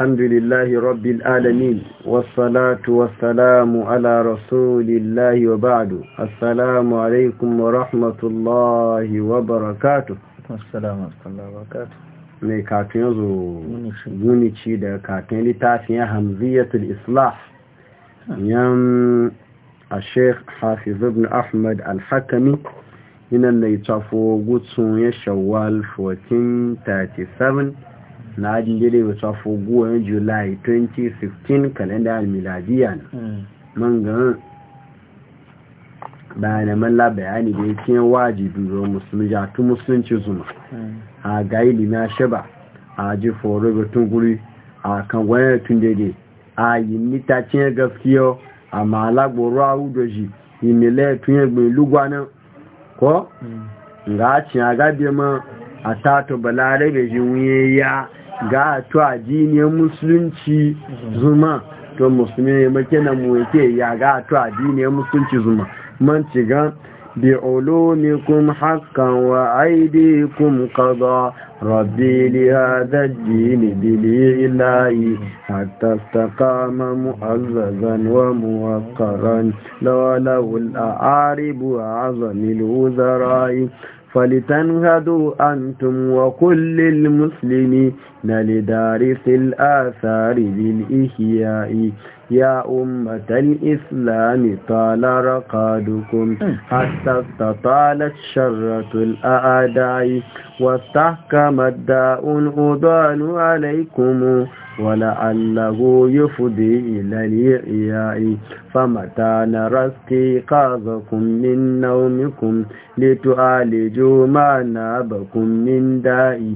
الحمد لله رب العالمين والصلاة والسلام على رسول الله وبعد السلام عليكم ورحمة الله وبركاته السلام عليكم ورحمة الله وبركاته mai katon yanzu gunici da katon littafin hamziyatul islah yan a sheikh hafiz ibn ahmad al-hakami yinan na tafo gutsun ya shawwal 1437 na ajin daidai wa safo goyon july 2016 kalendar miladiya na hmm. man gan bayan bayani da ya kiyan wajibi wa musulmi tu musulunci zuma hmm. a gaili na shaba a ji foro ga tunguri a kan wayan tun daidai a yi nita cin gaskiya a malagboro a hudoji imele tun yi yagbe lugwanan ko hmm. ga cin agabi ma a tato balare da wuye ya ga to addinin musulunci zuma to musulmi ne make na mu yake ya ga to addinin musulunci zuma man ci ga bi ulumikum haqqan wa aydikum qada rabbi li hadha ad-din bi ilahi hatta istaqama mu'azzazan wa muwaqqaran law law al-a'ribu azamil uzara'i فلتنهدوا أنتم وكل المسلمين لدارس الآثار بالإحياء يا أمة الإسلام طال رقادكم حتى استطالت شرة الأعداء واستحكم الداء أضان عليكم ولعله يفضي إلى الإعياء فمتى نرى استيقاظكم من نومكم لتعالجوا ما نابكم من داء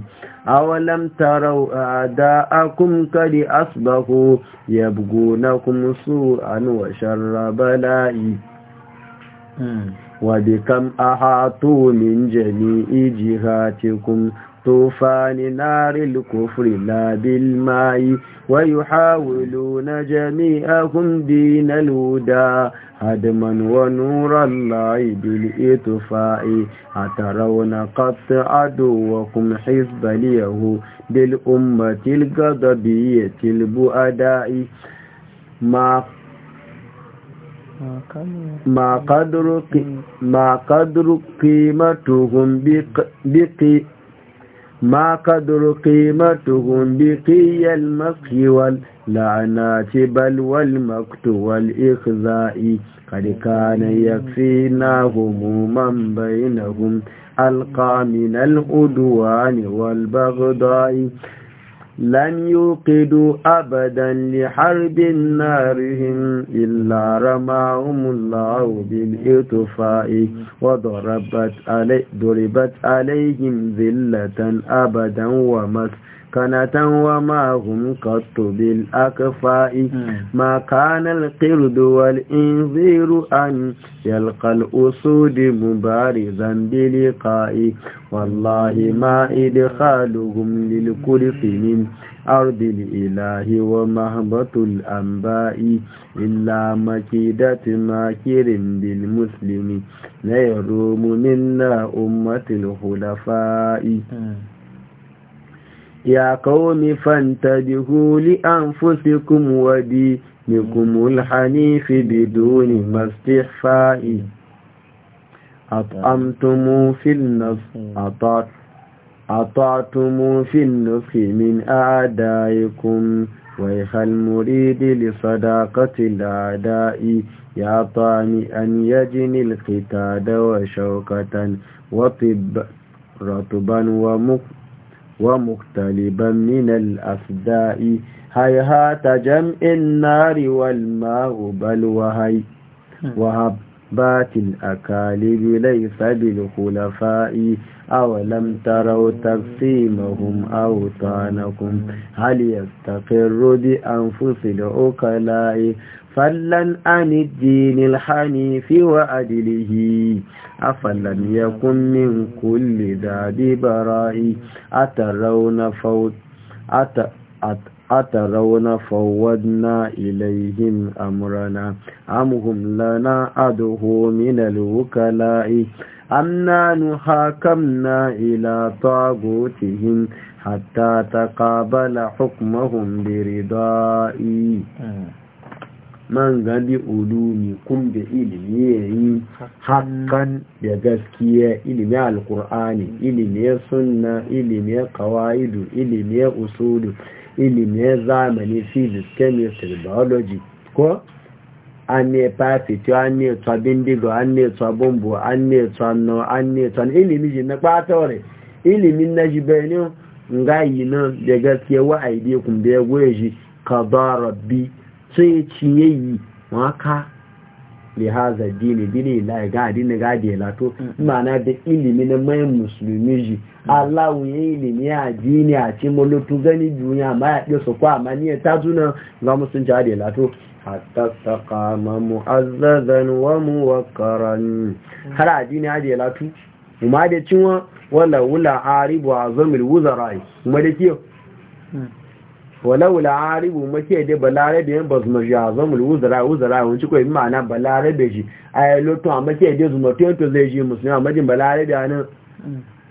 أولم تروا أعداءكم قد أصبحوا يبغونكم kun su an washarra bala'i wadda kam a hatu min jami iji hati kun tufani na rilkufri na bil mayi wayo hawulu na jami a kun bi na luda hadman wani rallaye bil itufa'i a tarauna kafin adowa kun haifbali yahu bil umar tilgaga biya tilbu a da'i ma ma kadru ma kadru qimatuhum biqi ما قدر قيمتهم بقي المسخ واللعنات بل والمقت والإخزاء قد كان يكفينا هموما بينهم ألقى من العدوان والبغضاء لن يوقدوا أبدا لحرب نارهم إلا رماهم الله بالإطفاء وضربت علي ضربت عليهم ذلة أبدا ومسكنا kanatan wa ma hun bil akfa'i ma kana al-qird wal inziru an yalqa al-usud mubarizan bi liqa'i wallahi ma idkhaluhum lil kulli min ارض الاله ومهبط الانباء الا مكيده ماكر بالمسلم لا يروم منا امه الخلفاء يا قوم فانتبهوا لأنفسكم ودينكم الحنيف بدون ما استحفاء أطعمتم في النص أطعت أطعتم في النص من أعدائكم ويخ المريد لصداقة الأعداء يا طعم أن يجني القتاد وشوكة وطب رطبا ومقتل ومختلبا من الأفداء هيهات جمع النار والماء بل وهي وهب بات الأكاليب ليس بالخلفاء أولم تروا تقسيمهم أوطانكم هل يستقر بأنفس العقلاء فلا عن الدين الحنيف وأدله أفلم يكن من كل ذا براء أترون فوت أت أت atarauna fawadna ilaihim amrana amhum lana adhu min alwukala'i amna nuhakamna ila tagutihim hatta taqabala hukmahum biridai man gadi ulumi kun ilimi yayi hakan da gaskiya ilimi alkur'ani ilimi sunna ilimi qawaidu ilimi usulu ilimin zamani physics chemistry biology ko an ne fafiti an ne tsa bindigo an ne tsa bombo an ne tsa no an ne tsa ilimin ji na kpatore ilimin na ji nga yi nan da gaske wa'aide kun bai goye shi ka ba rabbi sai ciye yi lihaza dini dini la ga dini ga de la to mana da ilimi na mai muslimi ji Allah ilimi a dini a ti mo gani duniya ma ya de so kwa e ta zuna ga sun ja de la to hatta taqama mu'azzazan wa muwakkaran har a dini a de la to kuma cin wa wala wala aribu azamil wuzarai kuma da kiyo walau la'aribu mace da balarabe da yan bazma wuzara zamul uzara uzara wun ci koyi ma'ana balarabe shi shi yi lotu a mace da zuma to zai ji musulmi majin balarabe a nan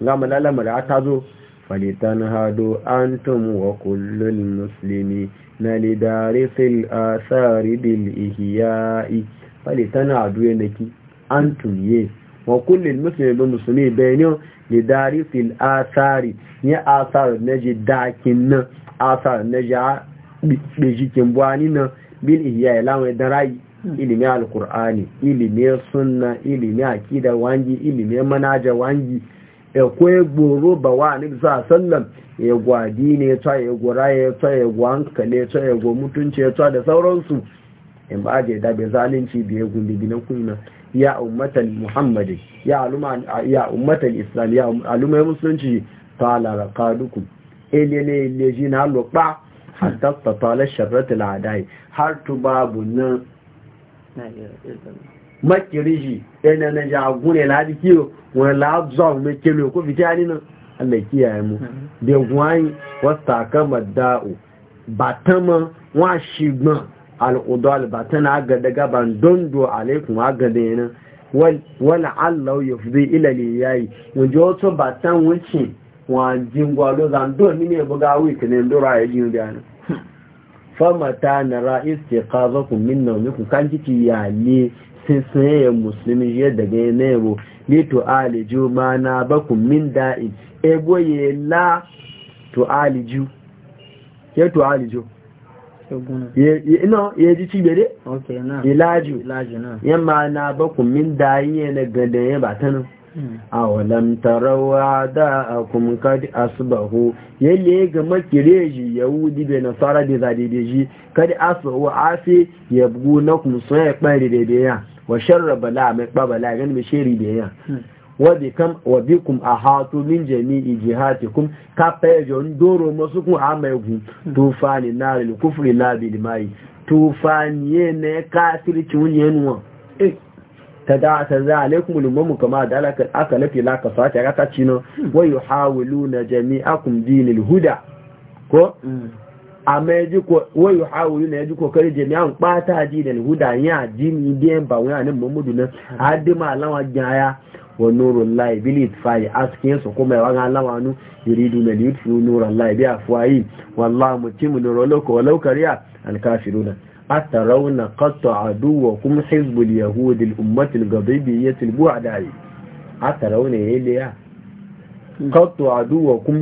ga malalama da ta zo falitan hadu antum wa kullun Musulmi na a tsari bil ihya'i falitan ki? An tun yes wa kullun musulmi bi musulmi bayanin ne a tsari asar ji dakin nan asar na ja jikin buwani na bil ihya ilawai da rayi hmm. ilimin alkur'ani ilimin sunna ilimin akida wangi ilimin manaja wangi ya e kwaye gboro ba wa ni sa sallam ya gwadi ne ta ya gora ya ta ya gwa hankali ta ya gwa mutunci ya e ta da sauransu in e ba je da bai zalunci bi ya gundi bi na kuna ya ummatan muhammadin ya aluma ya ummatan islam ya aluma musulunci ta la raqadukum elele leji na lokpa hatta tatala sharrat al'adai har tu babu na makiriji ina na jagune ladi kiyo wani labzon mai kelo ko fitani nan Allah ya mu da gwani wasta kama da'u batama wa shigban al'udal batana ga daga ban dondo alaikum ga da yana wala Allah ya fi ila ne yayi wanda wato batan wucin wọn jingwa ló zandó ní mai buga wiki ne ndora ya jiyo biya nan na ra'is ke kaza ku min na kan ya ne sai sai musulmi ya daga ya nebo ne to ma na ba ku min da'i ego la to aliju ya to aliju ina ya ma na min da ya na gada ya ba ta nan Hmm. awalam tarawa da akum kad asbahu yalle ga makireji yahudi be nasara da zadedeji kad asbahu afi yabgu nakum sai bare ya wa sharra bala mai babala gan sheri de ya hmm. wa kam wa bikum ahatu min jami'i jihatikum ka pejo ndoro masuku amegu hmm. tufani nari kufri labi dimai tufani ne kafirci wunyenuwa eh ta da ta za alaikum mu kama da alaka aka lafi laka sace raka cino hmm. wa yuhawiluna jami'akum dinil huda ko hmm. amma yaji ko wa yuhawiluna yaji kokari jami'an bata dinil huda ya dini biyan ba wani nan mamudu haɗi ma lawa jaya wa nurul lahi bil itfai askin su kuma yawan wani nu yuridu na yutfu nuru lai bi afwayi wallahu mutum nuru lokowa walau kariya أترون قط عدوكم حزب اليهود الأمة القضيبية البعدعي أترون إليا قط عدوكم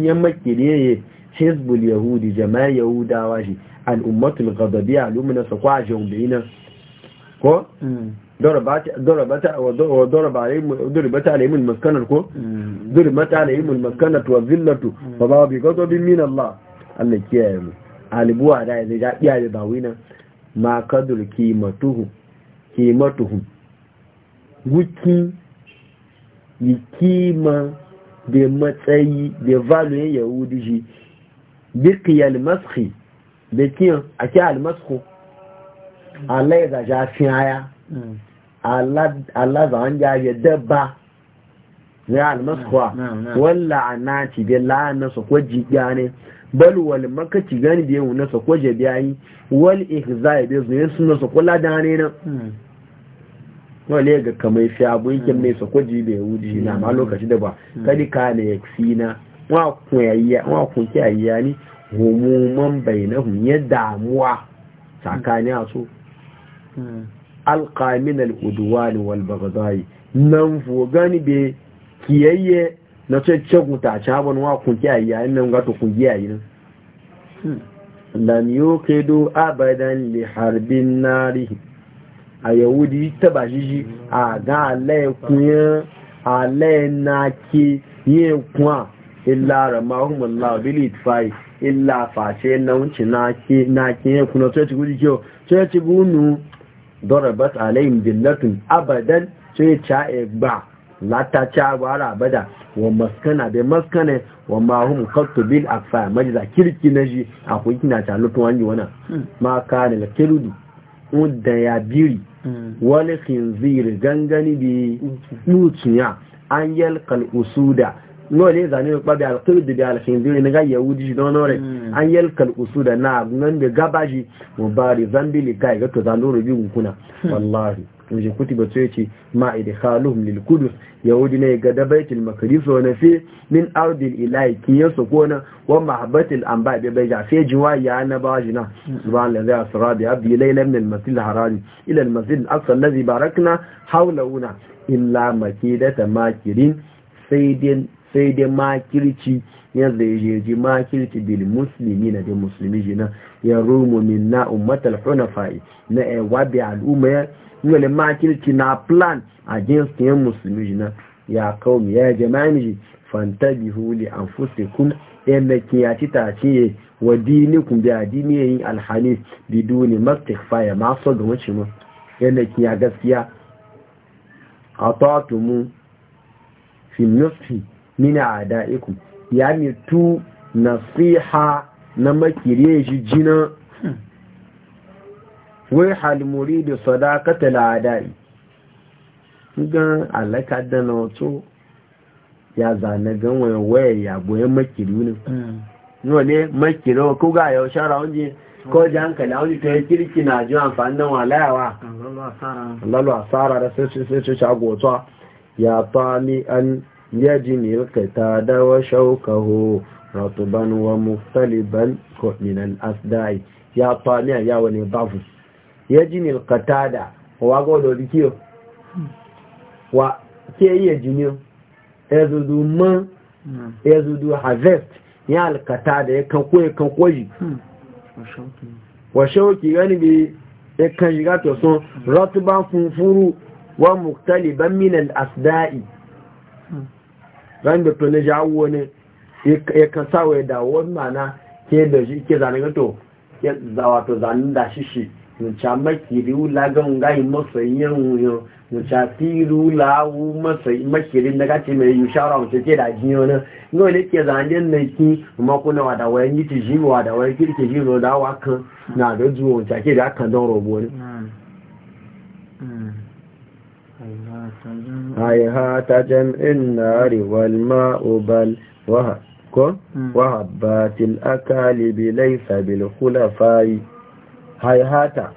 ليه حزب اليهود جماعة يهودا واجي الأمة الغضبية علومنا سقوع جنبينا ko ضربت عليهم المسكنة ko ضربت عليهم المسكنة والذلة فما بغضب من الله الله كيام mu alibuwa da ya ga iyaye ma kadul kimatuhu kimatuhu wiki yi kima da matsayi da valuyen yahudi shi birki almaski da kiyan ake almasku allah ya zaje a fi haya hmm. allah za ja ya dabba ya almaskuwa wala a naci da la'anarsa ko jiya ne bal wal makaci gani da yau na sako jabi ayi wal ihzai bai zuwa sun so kula da ne na? wale ga kamar fi abu yake mai sako ji da yahudi na ma lokaci da ba kadi ka ne yaksi na wa kun yayya wa kun ki ayya ni humuman bainahum ya damuwa tsakani a so alqa min al udwan wal baghdai nan fo gani be kiyayye na ce cegun ta ci haɓar wa kun kiyaye yayin nan gato kun kiyaye nan lam yuqidu abadan li harbin nari a yahudi ta ba shi a ga alaye kuyan alaye na ke yi kuwa illa ramahum allah bil itfai illa face na wuce na ke na kuna sai ci guji kyau sai ci gunu dorabat alayhim dillatun abadan sai ca e gba lata ca bara abada wa maskana bai maskana wa ma hum qattu bil akfa majza kirki na akwai kina ta lutu wani wana hmm. ma kana la kirudu udda ya biri hmm. wal khinzir gangani bi hmm. nuciya an kal usuda nole zane ba bi alqirdu bi alkhinzir ne ga yahudi shi don nore an kal usuda na nan da gabaji zambi bi kai ga to zanuru bi kuna wallahi wuce kutiba su yace ma'idi idkhaluhum lil qudus yahudi ne ga da baitul maqdis wa nafi min ardil ilahi kin yaso kona wa mahabbatil anba bi bai jafe jiwa ya na ba jina subhanallahi asra bi abdi layla min al masjid al harami ila al masjid al aqsa alladhi barakna hawlahuna illa makidata makirin sai dai sai makirci ya jeji makirci bil musulmi da musulmi jina ya rumu min na ummatal hunafa'i na ewabi al'umma ngale makirci na plan against yan musulmi jina ya kaumi ya jama'a miji huli an anfusikum kun ke ya ci ta tace wa dinikum bi adini yin alhanis biduni mastighfa ya ma ga wuce mu yanda ya gaskiya a mu fi nufi min da'iku ya mitu nasiha na makire shi jina hmm. wai halmuri da sadakata la'adari gan alaka da na wato ya zane gan waya ya goye makiri ne yau ne makiri ko ga yau shara wanje ko ji hankali a wani ta kirki na ji amfani da walayawa lalu asara da sai su shagota ya fami an yaji ne ta dawa shaukaho ratuban wa muktaliban ko minal asdai ya fami a yawon babu kata da wa godo dikio wa ke iya yajini yazudu man yazudu harvest ya alqatada ya kanko ya kanko ji wa shauki gani bi ya kan shiga to son ratban funfuru wa muktali ban minan asdai ran da to ne ne ya kan sawa dawo wani mana ke da shi ke zanen gato ya zawato zanen da shi shi nuca makiri wula ga ngayi masayin wuyo nuca fili wula wu makiri na mai yi shara mace ce da jini wani ngayi ne ke zanen na ki kuma kuna wada wayan yi ti jini wada wayan kirki jini da awa kan na da zuwa nuca ke da aka don robo ne. هيهات جمع النار والماء بل وهبات الأكالب ليس بالخلفاء hayhata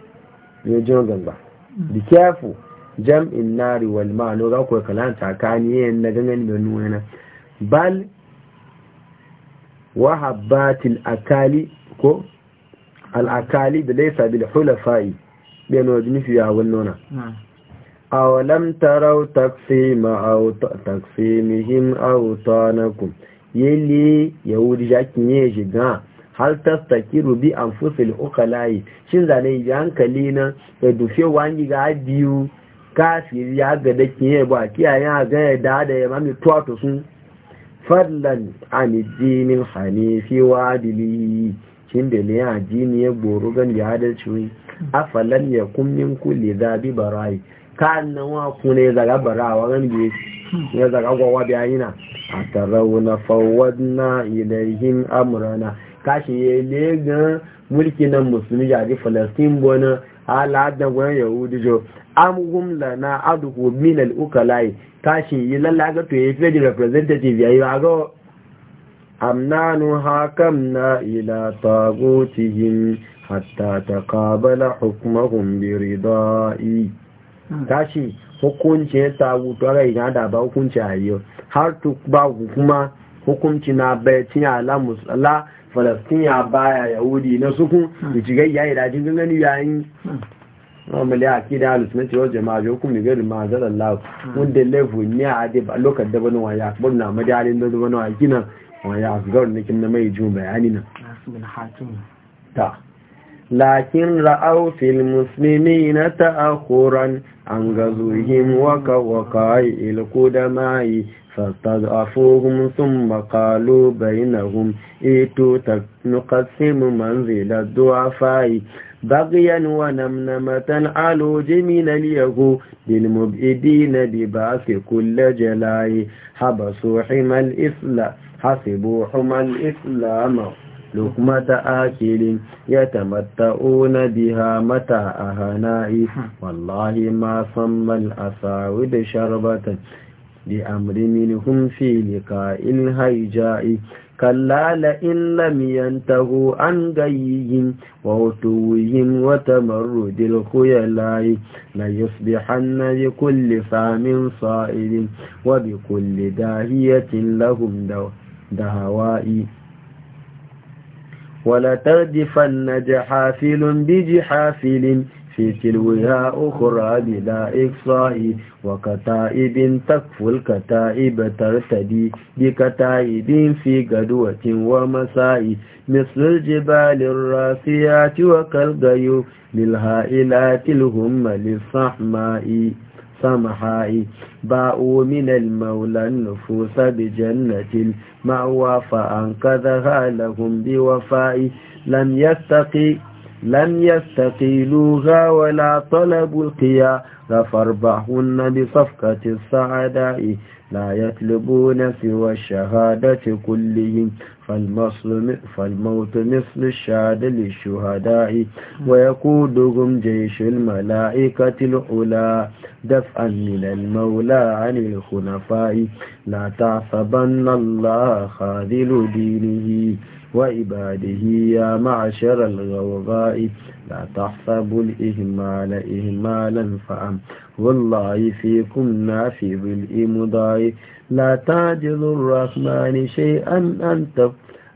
yo jin ganga be careful in nari wal ma'ano za ku kalan kani yin na gangan da nuna bal wahabbatil akali ko akali da laysa bil hulafa'i bai na aw lam taraw taqsima a taqsimihim aw tanakum yeli yele yahudi jakin yi shiga har tastakiru bi anfusil ukalai shin zane ji hankali na ya dufe wani ga biyu kafiri ya ga da ke ba kiyaye a ga ya da da ya mami tuwatu sun fadlan an jinin hanifi wa adili shin da ne a jini ya goro gan ya adalci wani afalan ya kummin kulle zabi barayi kan na wa kune zaga barawa gan biyu ya zaga gwawa biyayina a tarauna na ilayhin amurana. kashi ya lega mulki nan musulmi ji falastin bona ala da gwan yahudu jo am gumla na min al ukalai kashi yi lalaga to ya da representative yayi yi ga amnanu na ila tagutihim hatta taqabala hukmahum bi ridai hmm. kashi hukunci ya tagu ga na da ba hukunci ayo har to ba hukuma. hukunci na bayacin ala musala falastiniya baya yahudi na suku hmm. da cigai ya yi dajin gangani yayin mamali hmm. a kida na wajen jama'a hukun hukumi gari ma zara lau hmm. wanda laifin ne a adi ba lokar da wani waya kuma na madalin da wani waya gina waya a zugar nakin na mai jun bayani nan ta لكن رأوا في المسلمين تأخرا عن غزوهم وكوقع القدماء فاستضعفوهم ثم قالوا بينهم ائتوا نقسم منزل الضعفاء بغيا ونمنمة علوج من اليهو للمبئدين بباس كل جلاء حبسوا حمى الإسلام حسبوا حمى الإسلام لقمة آكل يتمتعون بها متاع أهنائي والله ما صم الأساود شربة بأمر منهم في لقاء الهيجاء كلا لئن لم ينتهوا عن غيهم وعتوهم وتمرد الخيلاء ليصبحن بكل فام صائد وبكل داهية لهم دهوائي ولا تردفن جحافل بجحافل في تلوها أخرى بلا إقصاء وكتائب تكفو الكتائب ترتدي بكتائب في قدوة ومساء مثل الجبال الراسيات وكالغيو للهائلات الهم للصحماء سمحائي باءوا من المولى النفوس بجنة المأوى فأنقذها لهم بوفاء لم يستقي لم يستقيلوها ولا طلبوا القيا فاربحن بصفقة السعداء لا يطلبون سوى الشهادة كلهم فالموت مثل الشاد للشهداء ويقودهم جيش الملائكة الأولى دفعا من المولى عن الخلفاء لا تعصبن الله خاذل دينه وعباده يا معشر الغوغاء لا تحسبوا الإهمال إهمالا فأم والله فيكم نافذ الإمضاء لا تعجل الرحمن شيئا أن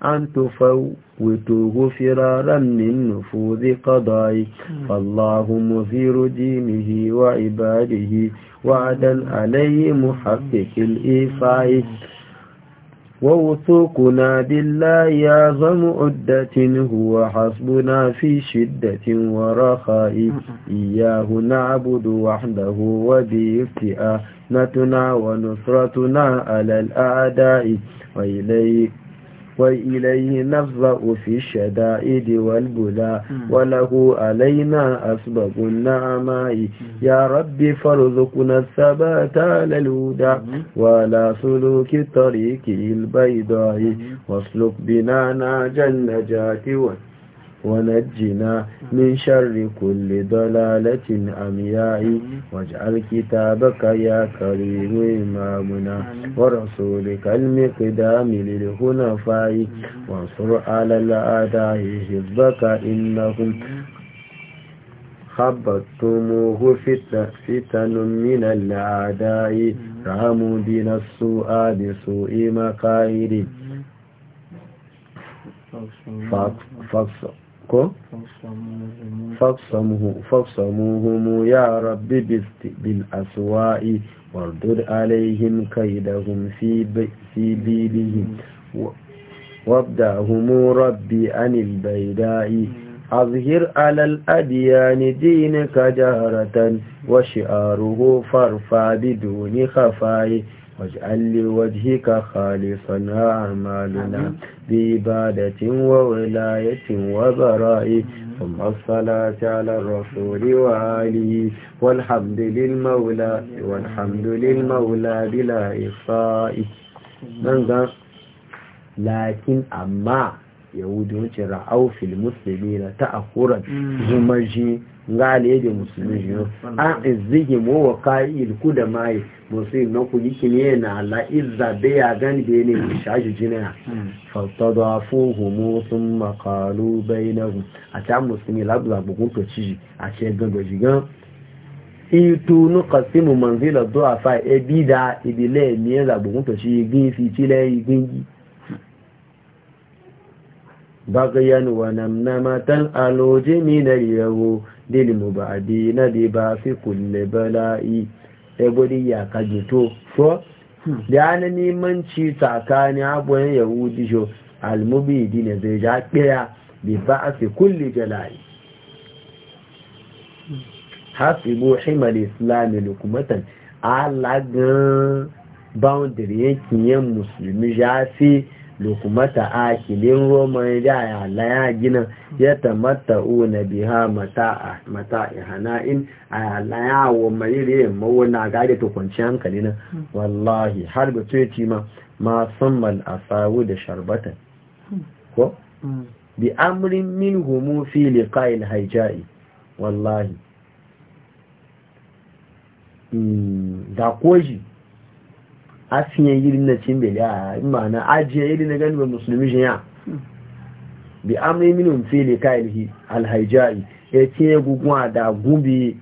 أن تفوتوه فرارا من نفوذ قضائي فالله مثير دينه وعباده وعدا عليه محقق الإيفاء ووثوقنا بالله أعظم عدة هو حسبنا في شدة ورخاء إياه نعبد وحده وبه نتنا ونصرتنا على الأعداء وإليه وإليه نفرأ في الشدائد والبلاء وله علينا أسباب النعماء يا رب فارزقنا الثبات على الهدى ولا سلوك الطريق البيضاء واسلك بنا ناج النجاة والنجاة ونجنا من شر كل ضلالة أمياء واجعل كتابك يا كريم إمامنا ورسولك المقدام للخنفاء وانصر على الأعداء حزبك إنهم خبطتموه فتن من الأعداء راموا بنا السوء بسوء مقاهر فاقصر كو فصمه فصمه يا ربي بالاسواء وردد عليهم كيدهم في بيدهم وابدأهم ربي عن البيداء أظهر على الأديان دينك جهرة وشعاره فارفع بدون خفائه واجعل لوجهك خالصا أعمالنا بإبادة وولاية وبراء ثم الصلاة على الرسول وآله والحمد للمولى والحمد للمولى بلا إخفاء لكن أما يهود رأوا في المسلمين تأخرا زمجي ngale da musulmi yo a izige mo wa kai ilku da mai musulmi na ku yiki ne na la izza be ya gan be ne shaji jina hmm. fa tadafuhum thumma qalu bainahum a ta musulmi labla bugun to ci a ce gado jigan itu nu qasimu manzila du'a fa e bida ibile e mi la bugun to ci gin fi ti le gin بغيا ونمنمة الوج من اليهود المبعدين بباس كل بلاء ebodi ya kaje to so da ana nemanci tsakanin abuwan yahudi jo almubidi ne zai ja ɗaya bi ba a fi kulle himar islami lukumatan alagan boundary yankin yan musulmi ya fi lukumata akilin roman ya laya gina ya ta tamatta una biha mata ihana'in a ya wa mawa na gari ta kwanci hankali na wallahi har ba ce ma ma samman a sawu da sharbata ko bi amurin min humu fili kayan haija'i wallahi hmm, da koji asiye yirin na cin a ma'ana ajiye yirin na gani musulmi shi ya bi amri minun fili ka alhaijai ya tiye guguwa da gubi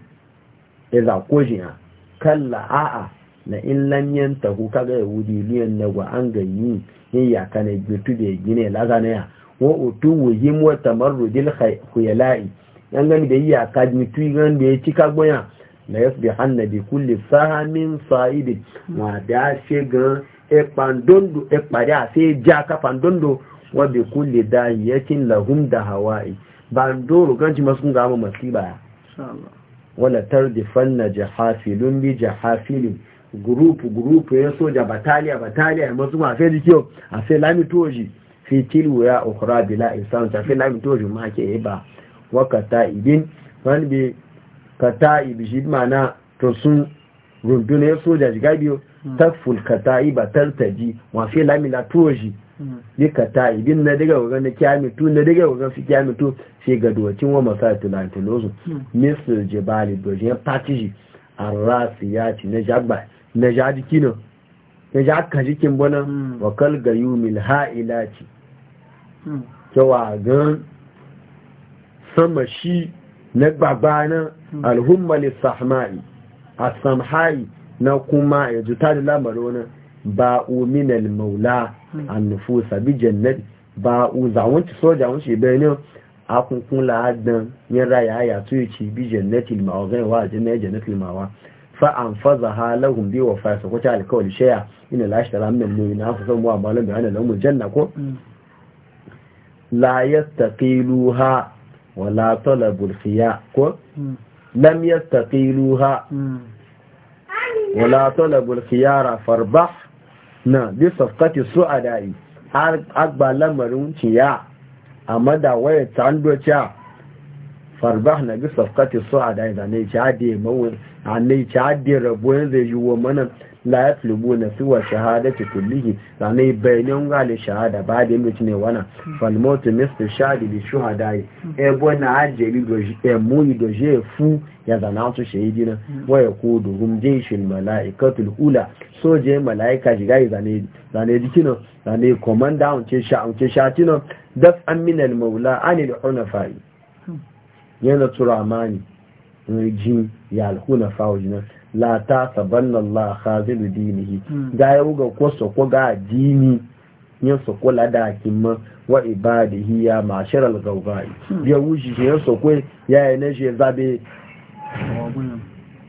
ya zako shi ya kalla a'a na in lanyen tahu kaga yahudi liyan na gwa an ganyi yin yaka na gbetu da ya gine lagana ya wa otu wuhim wa tamarrudil kuyala'i yan gani da yi yaka mitu gani da ya ci ya na yasu bi kulli sahamin sa'idin wa da she gan e pandondo e se ja ka pandondo wa bi kulli yakin lahum da hawai bandoro ganji masun ga mu masiba wala fanna jahafilun bi jahafilin gurupu gurupu ya soja bataliya bataliya ya masu mafe jikiyo a sai lamitoji tilu wuya ukura bila isan ta fi lamitoji ma ke ba wakata idin wani bi kata ibi shi mana to sun runduna ya soja shiga biyu hmm. taful kata'i ba tartaji wafi lamila toji ya hmm. kata bin na daga wajen na kyamitu na daga wagan fi kyamitu shi ga dokin wa masarati lantilosu mr hmm. jibali dojin ya patiji a rasi ya ci na jagba na jaji kino ja jaka jikin bana wakal ga yi mil ha'ila ci kyawa gan sama shi na gbagba na Mm. alhumma a samhayi na kuma ya juta da lamarona ba'u minal maula mm. an nufusa bi jannat ba'u zawanci soja wunci benin akunkun la'adan yin raya ya tuyi ci bi jannatil mawa zai wa jinna jannatil mawa fa an faza ha lahum bi wa ko ta kuta shaya ina la ashtara min mu'mina fa san wa malan bi ana lahum janna ko mm. la yastaqiluha wa talabul khiya ko لم يستقيلوها ولا talabul الخيار farbah na bi safqati su'ada'i agba lamarin ciya amma da waya farbah na bi safqati su'ada'i da ne ci hadi mawun zai yi wa manan la ya tulubu na siwa shahada ce kullihi sanai bayanin gali shahada ba da yin ne wana hmm. falmotu mr shadi da shuhada yi hmm. ebo na ajiyar emuni da fu ya zana su shahidi na hmm. waya ko domin jeshin mala'ikatul ula soje mala'ika shiga yi zane jikina zane komanda unce shatinan daf aminal maula anil hunafa'i yana turamani jin ya alhunafa wajenan la ta sabanna Allah khazilu dinihi hmm. ga yau ga ko so ko ga dini yin so ko la da kimma wa ibadihi ya masharal gawbai hmm. ya wuji shi so ko ya yi ne shi zabe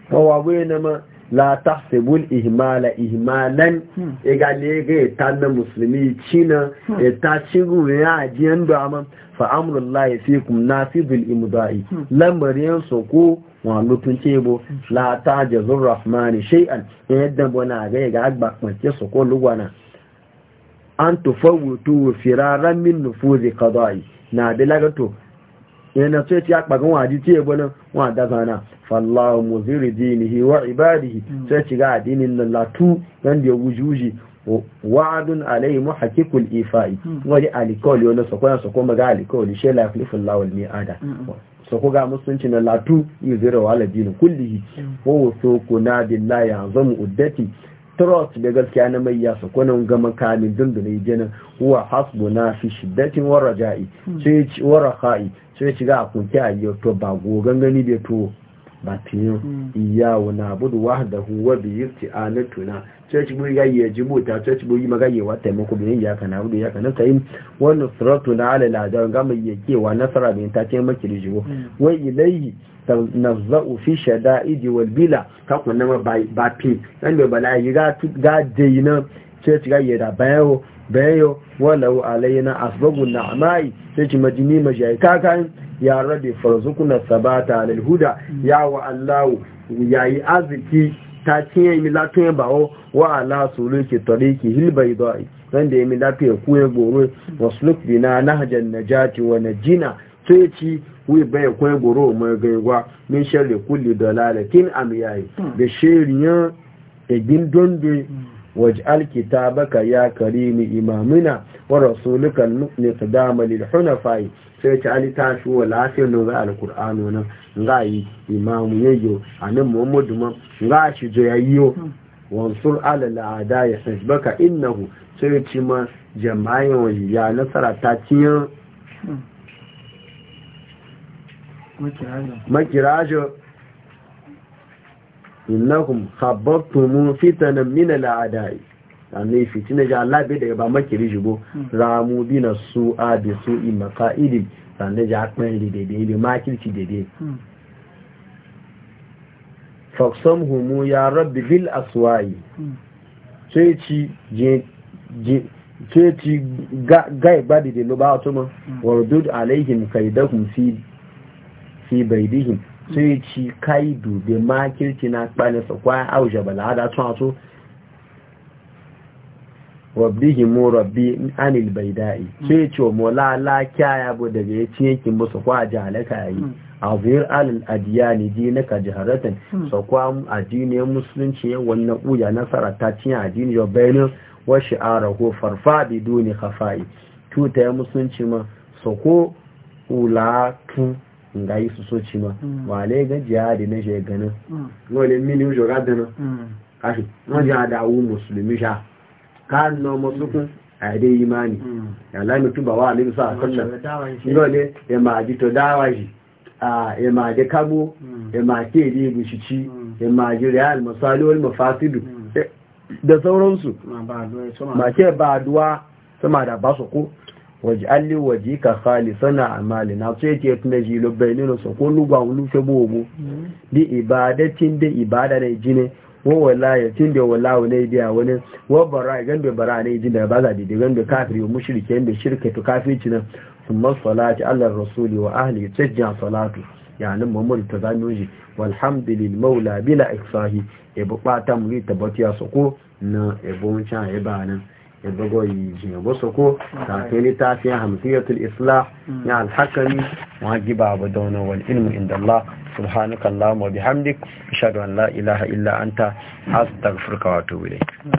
ko wa gwe na ma la tahsibul ihmala ihmalan hmm. e ga ne ga ta na musulmi cina e ta ya ajiyan da amma fa amrullahi fikum nasibul imdai lamarin so ko wọn ló tún ce bo láta jazun rahmani shay'an in yadda bona ga ga agba kwanke so ko lugwana an tufawutu firaran min nufuzi qada'i na bilaga to yana so ya ci akpa gan wadi ce wa da zana fallahu muziri dinihi wa ibadihi sai ci ga addinin nan latu nan da wujuji wa'adun alayhi muhaqqiqul ifa'i wani alikoli wala sokona sokoma ga alikoli shay la Allahu al-mi'ada so ko ga musulunci na latu zira wa aladini kullihi ko mm. so kuna billahi azamu uddati trust da gaskiya na mai yasa ko nan ga makamin dundune jinin wa hasbuna fi shiddatin wa raja'i mm. sai wa rakhai sai shiga a ayyo to ba gogan gani bai to batiyo hmm. iyawo na abudu wahdahu wa bi tuna church bu ga bu ta church bu yi magaye wa taimako bi ya kana abudu ya kana tayin wa na ala al-adaw ga mai yake wa nasara bin ta ce maki da wai hmm. wa na za'u fi shada'id wal bila ka kunna ba ba fi ɗan da bala yi ga yi na church ga yi da bayan. bayan yau walau alayyana asbagun na sai ci majini majayi kakan ya rabe farzukuna sabata alal huda ya wa Allah ya yi arziki ta cinye mi lafiya bawo wa ala suluki tariki hil baydai dan ya mi lafiya ya goro wasluk bina nahjan najati wa najina sai ci wi bai ya goro mai gaiwa min sharri kulli dalalatin amiyayi hmm. da shiriyan egin dondo hmm. waji kitabaka ya karimi imamina wa rasulika niqdama lil hunafai sai ta ali ta shi wa lafiyar nan ga alqur'ano nan ga yi imamu yayyo anan muhammadu ma ga shi jayayyo wansur ala al'ada ya sajbaka innahu sai ci ma jama'in wajiya nasara ta ciyan innakum khabbatumu fitanan min al'adai anne fitina ja Allah bai daga ba makiri jibo ramu bina a bi in maqaidi sanne ja akpan dede dede makirci dede faksamhumu ya rabbi bil aswa'i je je ceci ga ga ba de lo ba wato ma wardud alaihim kaidahum fi fi baydihim sai ci kai dube makirci na kpanisa kwa auje balada tun ato rabbihimu rabbi anil baidai sai ce mola la kyaya bu daga ya cinye kin bu su kwa jahalaka yi hmm. a zuwar alal adiyani ji na ka jiharatan hmm. su kwa adiniyar musulunci ya wannan uya nasara ta cinye adiniyar bayanin wa shi'ara ko farfadi duni hafa'i tuta ya musulunci ma su ko ulatu nga yi sosoci ma mm. wale ga jihadi na sheganin wale mini ujo radana kashi wọ́n jẹ́ àdáwò musulmi ṣá káàkiri ọmọ sókún àìdé imani aláìmì túbà wà ní ìsọ àkọ́ṣà lọ́lẹ̀ ẹmà àjítọ̀ dáwàjì ẹmà àjẹ kágbó ẹmà kéèrè ìbùsìcí ẹmà àjẹ rẹ̀ alìmọ̀sálí olùmọ̀fásílù da sauransu ba ke ba aduwa sama da basoko waj'al li wajhika khalisan so sai tunda ji lo jilo no so ko lugwa wulu fe bobo di ibadatin da ibada ne jine wa walayatin wala wala ne biya wani wo bara ganda bara ne jine ba za gan ganda kafiri wa mushrike inda shirka to kafirci nan summa salati ala rasul wa ahli tajja salatu yani mamul ta zanoji walhamdulil maula bila ikfahi e bukata mu ri tabatiya so ko na e bon chan e banan ìgbogbo ìjìnàbó sọkó tàbí ní tàfí àmìsíyàtù isla ní alhakari wọn ba gíba àbúdá wọn wọn ilmù ìdàlá subhanukallah mọ̀bí hamdik ṣàdọ̀ allá ilaha illá anta